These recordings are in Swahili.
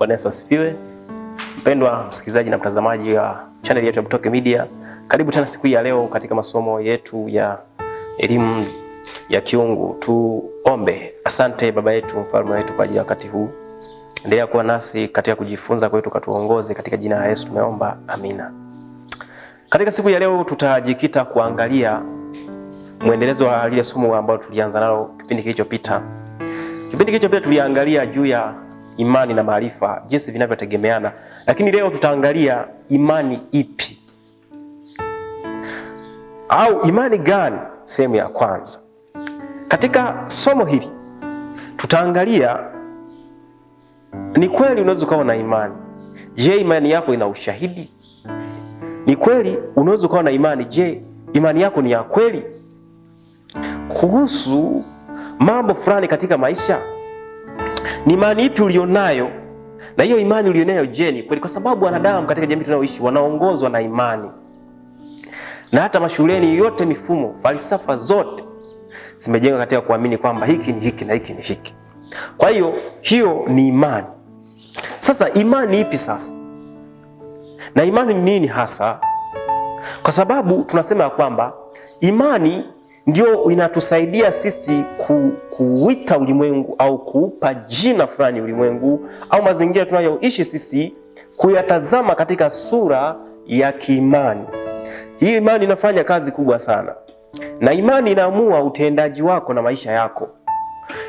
Bwana Yesu asifiwe. Mpendwa msikilizaji na mtazamaji wa channel yetu ya Butoke Media, karibu tena siku hii ya leo katika masomo yetu ya elimu ya kiungu. Tuombe. Asante Baba yetu, mfalme wetu, kwa ajili ya wakati huu. Endelea kuwa nasi katika kujifunza kwetu, katuongoze katika jina la Yesu tumeomba, amina. Katika siku ya leo tutajikita kuangalia mwendelezo wa lile somo ambalo tulianza nalo kipindi kilichopita. Kipindi kilichopita tuliangalia juu ya imani na maarifa jinsi vinavyotegemeana, lakini leo tutaangalia imani ipi au imani gani? Sehemu ya kwanza katika somo hili tutaangalia, ni kweli unaweza ukawa na imani. Je, imani yako ina ushahidi? Ni kweli unaweza ukawa na imani. Je, imani yako ni ya kweli kuhusu mambo fulani katika maisha? Ni imani ipi ulionayo? Na hiyo imani ulionayo, je, ni kweli? Kwa sababu wanadamu katika jamii tunayoishi wanaongozwa na imani, na hata mashuleni yote, mifumo falsafa zote zimejengwa katika kuamini kwamba hiki ni hiki na hiki ni hiki. Kwa hiyo hiyo ni imani. Sasa imani ipi sasa, na imani ni nini hasa? Kwa sababu tunasema ya kwamba imani ndio inatusaidia sisi ku, kuuita ulimwengu au kuupa jina fulani ulimwengu au mazingira tunayoishi sisi, kuyatazama katika sura ya kiimani. Hii imani inafanya kazi kubwa sana, na imani inaamua utendaji wako na maisha yako,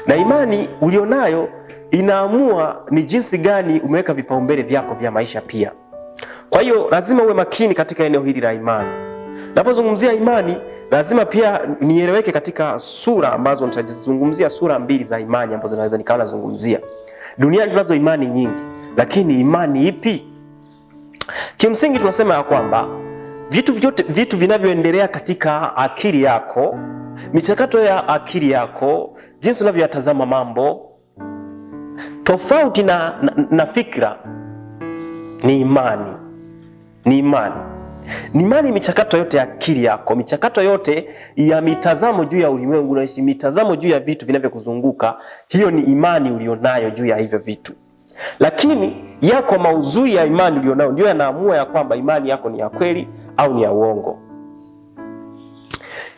na imani ulionayo inaamua ni jinsi gani umeweka vipaumbele vyako vya maisha pia. Kwa hiyo lazima uwe makini katika eneo hili la imani. Napozungumzia imani lazima pia nieleweke katika sura ambazo nitazizungumzia, sura mbili za imani ambazo naweza nikawa nazungumzia. Duniani tunazo imani nyingi, lakini imani ipi? Kimsingi tunasema ya kwamba vitu vyote, vitu vinavyoendelea katika akili yako, michakato ya akili yako, jinsi unavyoyatazama mambo tofauti na, na, na fikra ni imani, ni imani ni mali michakato yote ya akili yako, michakato yote ya mitazamo juu ya ulimwengu na mitazamo juu ya vitu vinavyokuzunguka. Hiyo ni imani ulionayo juu ya hivyo vitu, lakini yako mauzui ya imani ulionayo ndio yanaamua ya kwamba imani yako ni ya kweli au ni ya uongo.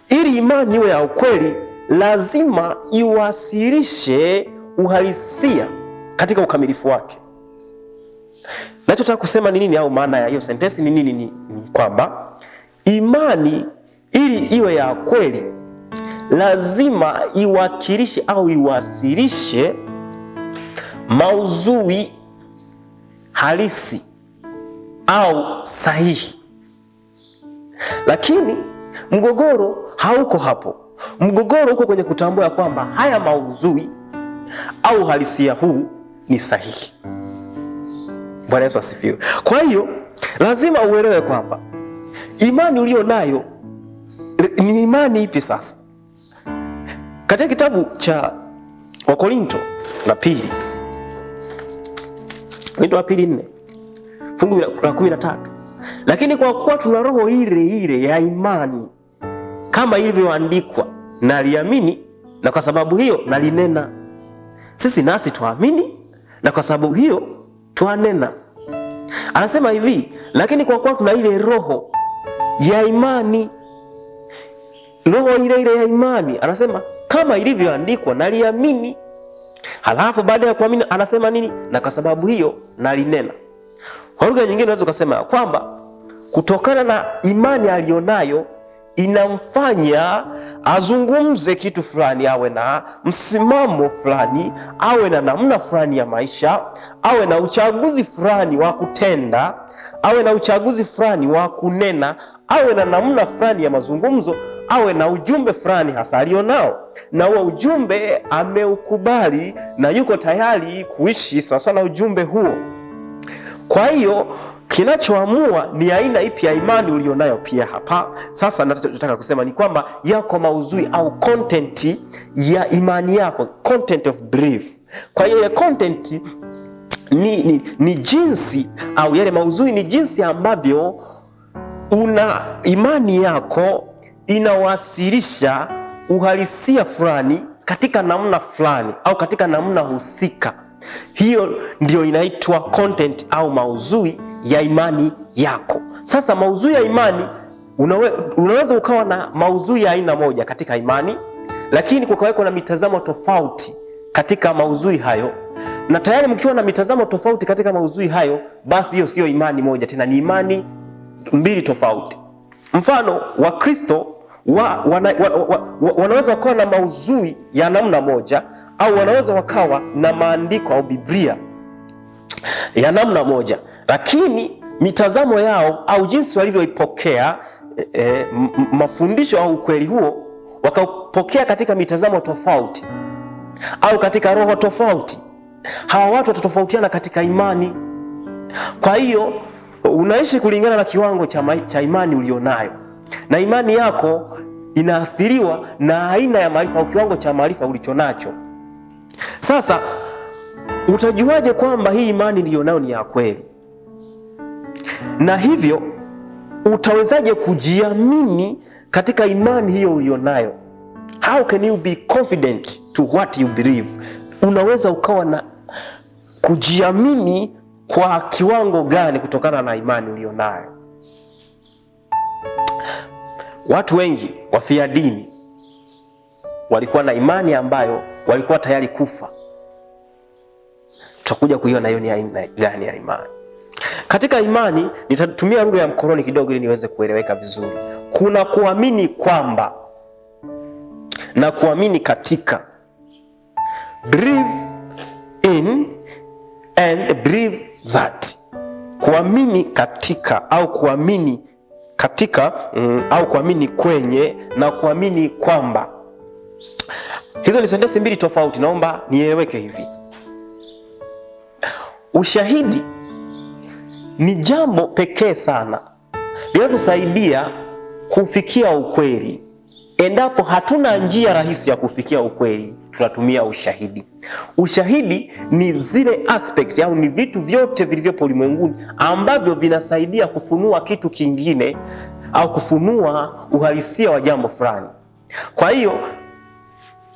Ili imani iwe ya ukweli, lazima iwasilishe uhalisia katika ukamilifu wake. Nachotaka kusema ni nini au maana ya hiyo sentensi ni nini? Ni, ni kwamba imani ili iwe ya kweli lazima iwakilishe au iwasilishe mauzui halisi au sahihi. Lakini mgogoro hauko hapo. Mgogoro uko kwenye kutambua kwamba haya mauzui au halisia huu ni sahihi. Bwana Yesu asifiwe. Kwa hiyo lazima uelewe kwamba imani uliyo nayo ni imani ipi sasa. Katika kitabu cha Wakorinto la pili, Wakorinto wa pili nne fungu la kumi na tatu lakini kwa kuwa tuna roho ile ile ya imani kama ilivyoandikwa, naliamini na kwa sababu hiyo nalinena. Sisi nasi twaamini na kwa sababu hiyo twanena. Anasema hivi, lakini kwa kuwa tuna ile roho ya imani, roho ile ile ya imani, anasema kama ilivyoandikwa, naliamini. Halafu baada ya kuamini anasema nini? Na kwa sababu hiyo nalinena. Kwa lugha nyingine, unaweza ukasema kwamba kutokana na imani aliyonayo inamfanya azungumze kitu fulani, awe na msimamo fulani, awe na namna fulani ya maisha, awe na uchaguzi fulani wa kutenda, awe na uchaguzi fulani wa kunena, awe na namna fulani ya mazungumzo, awe na ujumbe fulani hasa alio nao, na huo ujumbe ameukubali na yuko tayari kuishi sasa na ujumbe huo. Kwa hiyo Kinachoamua ni aina ipi ya imani ulionayo. Pia hapa sasa nataka kusema ni kwamba yako mauzui au content ya imani yako, content of belief. Kwa hiyo content ni, ni, ni jinsi au yale mauzui ni jinsi ambavyo una imani yako inawasilisha uhalisia fulani katika namna fulani au katika namna husika. Hiyo ndio inaitwa content au mauzui ya imani yako. Sasa maudhui ya imani unawe, unaweza ukawa na maudhui ya aina moja katika imani, lakini kukawekwa na mitazamo tofauti katika maudhui hayo, na tayari mkiwa na mitazamo tofauti katika maudhui hayo, basi hiyo siyo imani moja tena, ni imani mbili tofauti. Mfano, Wakristo wa, wana, wa, wa, wa, wanaweza wakawa na maudhui ya namna moja au wanaweza wakawa na maandiko au Biblia ya namna moja, lakini mitazamo yao au jinsi walivyoipokea e, e, mafundisho au ukweli huo wakapokea katika mitazamo tofauti au katika roho tofauti. Hawa watu watatofautiana katika imani. Kwa hiyo unaishi kulingana na kiwango cha, cha imani ulionayo, na imani yako inaathiriwa na aina ya maarifa au kiwango cha maarifa ulichonacho. Sasa utajuaje kwamba hii imani niliyonayo ni ya kweli? na hivyo utawezaje kujiamini katika imani hiyo ulionayo? How can you be confident to what you believe? Unaweza ukawa na kujiamini kwa kiwango gani kutokana na imani ulionayo? Watu wengi wafia dini walikuwa na imani ambayo walikuwa tayari kufa. Tutakuja kuiona hiyo ni aina gani ya imani. Katika imani nitatumia lugha ya mkononi kidogo ili niweze kueleweka vizuri. Kuna kuamini kwamba na kuamini katika, believe in and believe that, kuamini katika au kuamini katika mm, au kuamini kwenye na kuamini kwamba. Hizo ni sentensi mbili tofauti, naomba nieleweke hivi. Ushahidi ni jambo pekee sana linalotusaidia kufikia ukweli. Endapo hatuna njia rahisi ya kufikia ukweli, tunatumia ushahidi. Ushahidi ni zile aspect au ni vitu vyote vilivyopo ulimwenguni ambavyo vinasaidia kufunua kitu kingine au kufunua uhalisia wa jambo fulani. Kwa hiyo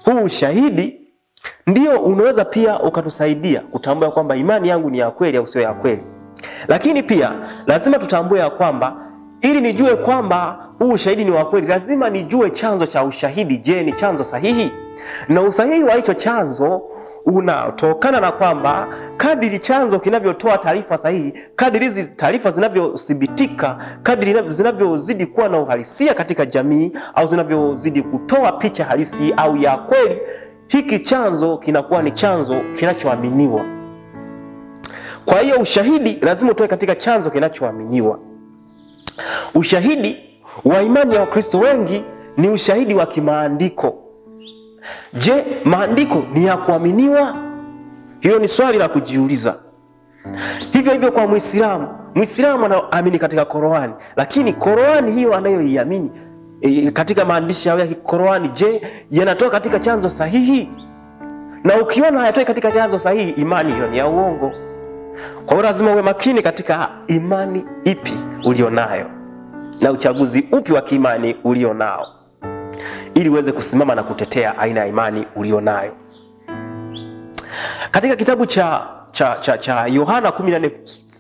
huu ushahidi ndio unaweza pia ukatusaidia kutambua kwamba imani yangu ni ya kweli au sio ya kweli. Lakini pia lazima tutambue ya kwamba ili nijue kwamba huu ushahidi ni wa kweli, lazima nijue chanzo cha ushahidi. Je, ni chanzo sahihi? Na usahihi wa hicho chanzo unatokana na kwamba kadiri chanzo kinavyotoa taarifa sahihi, kadiri hizi taarifa zinavyothibitika, kadiri zinavyozidi kuwa na uhalisia katika jamii, au zinavyozidi kutoa picha halisi au ya kweli, hiki chanzo kinakuwa ni chanzo kinachoaminiwa. Kwa hiyo ushahidi lazima utoe katika chanzo kinachoaminiwa. Ushahidi wa imani ya Wakristo wengi ni ushahidi wa kimaandiko. Je, maandiko ni ya kuaminiwa? Hilo ni swali la kujiuliza. Hivyo hivyo kwa Mwislamu, Mwislamu anaamini katika Korani, lakini Korani hiyo anayoiamini e, katika maandishi yao ya Korani, je, yanatoka katika chanzo sahihi? Na ukiona hayatoi katika chanzo sahihi, imani hiyo ni ya uongo. Kwa hiyo lazima uwe makini katika imani ipi ulionayo na uchaguzi upi wa kiimani ulionao ili uweze kusimama na kutetea aina ya imani ulionayo. Katika kitabu cha cha cha cha Yohana 14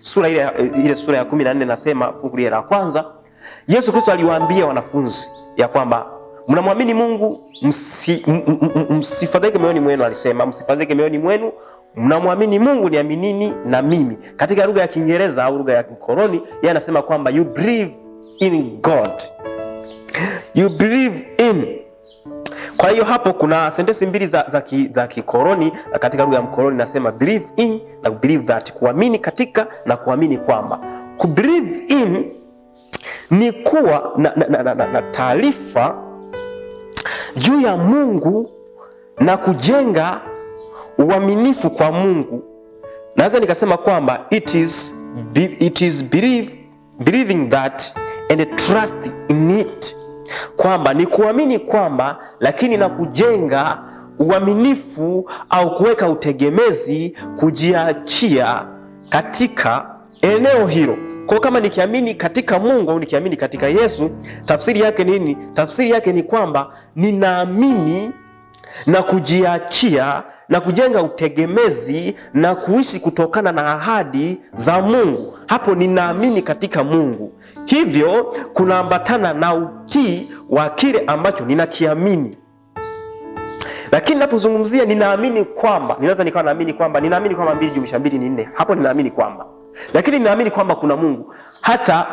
sura ile ile sura ya 14 nasema fungu la kwanza, Yesu Kristo aliwaambia wanafunzi ya kwamba mnamwamini Mungu, msifadhaike msi moyoni mwenu, alisema msifadhaike moyoni mwenu mnamwamini Mungu, niaminini na mimi. Katika lugha ya Kiingereza au lugha ya kikoloni, yeye anasema kwamba you believe in God, you believe in kwa hiyo hapo kuna sentensi mbili za, za, ki, za kikoroni katika lugha ya mkoloni nasema believe in na believe that, kuamini katika na kuamini kwamba. Ku believe in ni kuwa na, na, na, na, na taarifa juu ya Mungu na kujenga uaminifu kwa Mungu, naweza nikasema kwamba it is, it is believe, believing that and trust in it, kwamba ni kuamini kwamba, lakini na kujenga uaminifu au kuweka utegemezi, kujiachia katika eneo hilo. Kwa kama nikiamini katika Mungu au nikiamini katika Yesu, tafsiri yake nini? Tafsiri yake ni kwamba ninaamini na kujiachia na kujenga utegemezi na kuishi kutokana na ahadi za Mungu. Hapo ninaamini katika Mungu, hivyo kunaambatana na utii wa kile ambacho ninakiamini. Lakini napozungumzia ninaamini kwamba, ninaweza nikawa naamini kwamba, ninaamini kwamba mbili jumlisha mbili ni nne, hapo ninaamini kwamba, lakini ninaamini kwamba kuna Mungu. Hata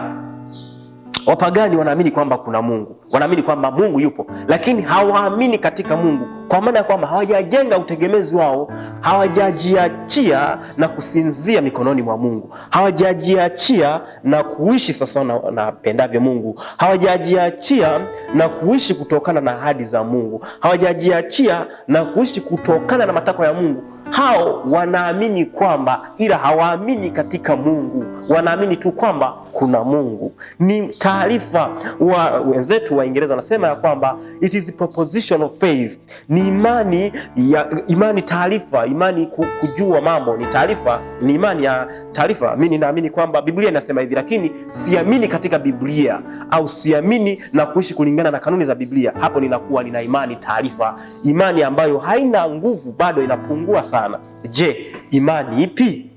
wapagani wanaamini kwamba kuna Mungu, wanaamini kwamba Mungu yupo, lakini hawaamini katika Mungu kwa maana ya kwamba hawajajenga utegemezi wao, hawajajiachia na kusinzia mikononi mwa Mungu, hawajajiachia na kuishi sasa na, na pendavyo Mungu, hawajajiachia na kuishi kutokana na ahadi za Mungu, hawajajiachia na kuishi kutokana na matakwa ya Mungu hao wanaamini kwamba, ila hawaamini katika Mungu, wanaamini tu kwamba kuna Mungu. Ni taarifa wa wenzetu Waingereza wanasema ya kwamba it is proposition of faith, ni imani ya imani, taarifa imani, kujua mambo ni taarifa, ni imani ya taarifa. Mimi ninaamini kwamba Biblia inasema hivi, lakini siamini katika Biblia au siamini na kuishi kulingana na kanuni za Biblia, hapo ninakuwa nina imani taarifa, imani ambayo haina nguvu, bado inapungua sana sana. Je, imani ipi?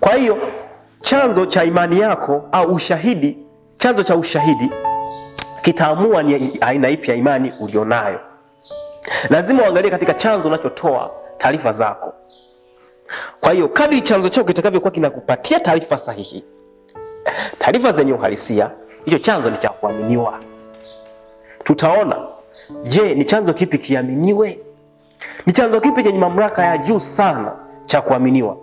Kwa hiyo chanzo cha imani yako au ushahidi, chanzo cha ushahidi kitaamua ni aina ipi ya imani ulionayo. Lazima uangalie katika chanzo unachotoa taarifa zako. Kwa hiyo kadri chanzo chako kitakavyokuwa kinakupatia taarifa sahihi, taarifa zenye uhalisia, hicho chanzo ni cha kuaminiwa. Tutaona, je, ni chanzo kipi kiaminiwe? Ni chanzo kipi chenye mamlaka ya juu sana cha kuaminiwa?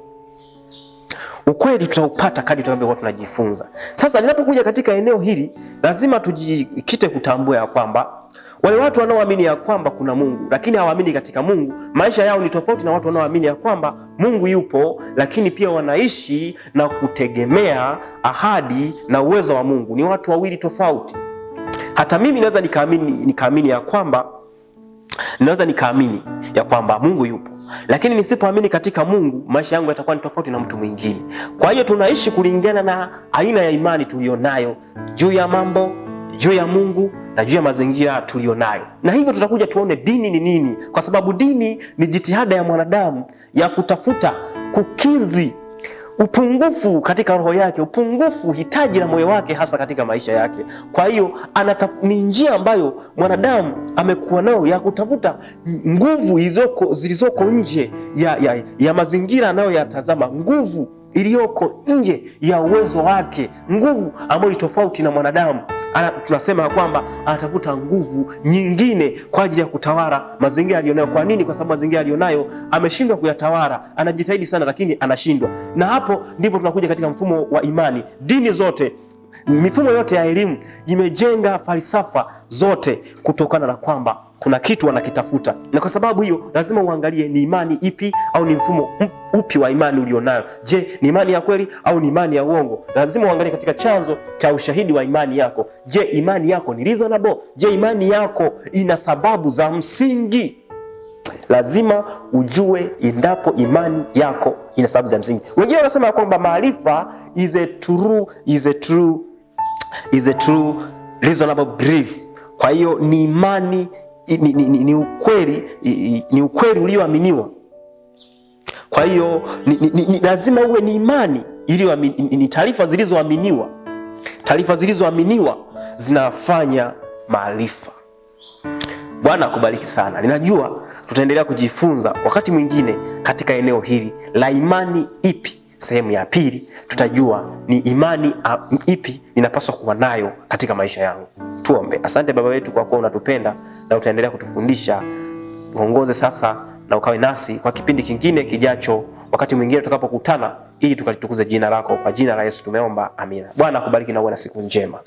Ukweli tutaupata kadri tunavyokuwa tunajifunza. Sasa ninapokuja katika eneo hili, lazima tujikite kutambua ya kwamba wale watu wanaoamini ya kwamba kuna Mungu lakini hawaamini katika Mungu, maisha yao ni tofauti na watu wanaoamini ya kwamba Mungu yupo, lakini pia wanaishi na kutegemea ahadi na uwezo wa Mungu. Ni watu wawili tofauti. Hata mimi naweza nikaamini nikaamini ya kwamba Ninaweza nikaamini ya kwamba Mungu yupo, lakini nisipoamini katika Mungu, maisha yangu yatakuwa ni tofauti na mtu mwingine. Kwa hiyo tunaishi kulingana na aina ya imani tuliyonayo juu ya mambo, juu ya Mungu na juu ya mazingira tuliyonayo, na hivyo tutakuja tuone dini ni nini, kwa sababu dini ni jitihada ya mwanadamu ya kutafuta kukidhi upungufu katika roho yake, upungufu, hitaji la moyo wake, hasa katika maisha yake. Kwa hiyo ni njia ambayo mwanadamu amekuwa nayo ya kutafuta nguvu zilizoko nje ya, ya, ya mazingira anayoyatazama, nguvu iliyoko nje ya uwezo wake, nguvu ambayo ni tofauti na mwanadamu ana, tunasema ya kwamba anatafuta nguvu nyingine kwa ajili ya kutawala mazingira aliyonayo. Kwa nini? Kwa sababu mazingira aliyonayo ameshindwa kuyatawala, anajitahidi sana lakini anashindwa. Na hapo ndipo tunakuja katika mfumo wa imani. Dini zote mifumo yote ya elimu imejenga falsafa zote kutokana na kwamba kuna kitu wanakitafuta, na kwa sababu hiyo lazima uangalie ni imani ipi au ni mfumo upi wa imani ulionayo. Je, ni imani ya kweli au ni imani ya uongo? Lazima uangalie katika chanzo cha ushahidi wa imani yako. Je, imani yako ni reasonable? Je, imani yako ina sababu za msingi? Lazima ujue endapo imani yako ina sababu za msingi. Wengine wanasema kwamba maarifa is a true, is a true, is a true reasonable belief. Kwa hiyo ni imani ni, ni, ni ukweli, ni ukweli ulioaminiwa. Kwa hiyo ni, ni, ni, lazima uwe ni imani ili ni taarifa zilizoaminiwa. Taarifa zilizoaminiwa zinafanya maarifa. Bwana akubariki sana. Ninajua tutaendelea kujifunza wakati mwingine katika eneo hili la imani ipi sehemu ya pili tutajua ni imani a, ipi ninapaswa kuwa nayo katika maisha yangu. Tuombe. Asante Baba wetu kwa kuwa unatupenda na utaendelea kutufundisha. Uongoze sasa na ukawe nasi kwa kipindi kingine kijacho, wakati mwingine tutakapokutana, ili tukalitukuze jina lako. Kwa jina la Yesu tumeomba, amina. Bwana akubariki na uwe na siku njema.